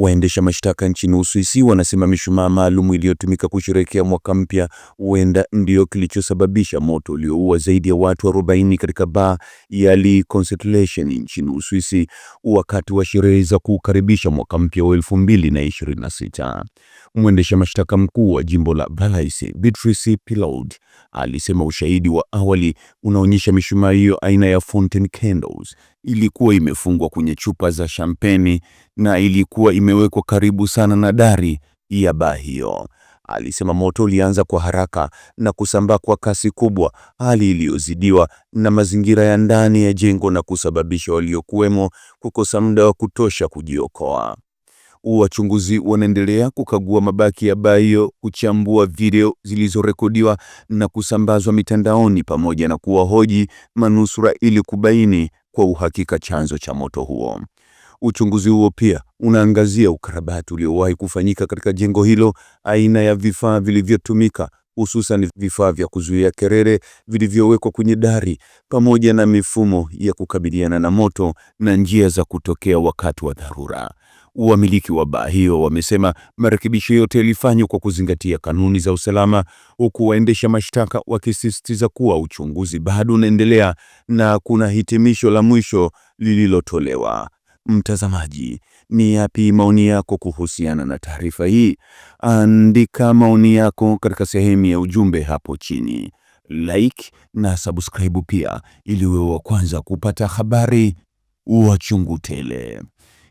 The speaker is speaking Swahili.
Waendesha mashtaka nchini Uswisi wanasema mishumaa maalum iliyotumika kusherehekea mwaka mpya huenda ndio kilichosababisha moto ulioua zaidi ya watu 40 katika baa ya Le Constellation nchini Uswisi wakati wa sherehe za kukaribisha mwaka mpya wa 2026. Mwendesha mashtaka mkuu wa jimbo la Valais, Beatrice Pilaud, alisema ushahidi wa awali unaonyesha mishumaa hiyo aina ya fountain candles ilikuwa imefungwa kwenye chupa za shampeni na ilikuwa imewekwa karibu sana na dari ya baa hiyo. Alisema moto ulianza kwa haraka na kusambaa kwa kasi kubwa, hali iliyozidiwa na mazingira ya ndani ya jengo na kusababisha waliokuwemo kukosa muda wa kutosha kujiokoa. Wachunguzi wanaendelea kukagua mabaki ya baa hiyo, kuchambua video zilizorekodiwa na kusambazwa mitandaoni, pamoja na kuwahoji manusura ili kubaini kwa uhakika chanzo cha moto huo. Uchunguzi huo pia unaangazia ukarabati uliowahi kufanyika katika jengo hilo, aina ya vifaa vilivyotumika, hususan vifaa vya kuzuia kelele vilivyowekwa kwenye dari, pamoja na mifumo ya kukabiliana na moto na njia za kutokea wakati wa dharura. Wamiliki wa baa hiyo wamesema marekebisho yote yalifanywa kwa kuzingatia kanuni za usalama, huku waendesha mashtaka wakisisitiza kuwa uchunguzi bado unaendelea na kuna hitimisho la mwisho lililotolewa. Mtazamaji, ni yapi maoni yako kuhusiana na taarifa hii? Andika maoni yako katika sehemu ya ujumbe hapo chini, like na subscribe pia, ili uwe wa kwanza kupata habari wa chungu tele.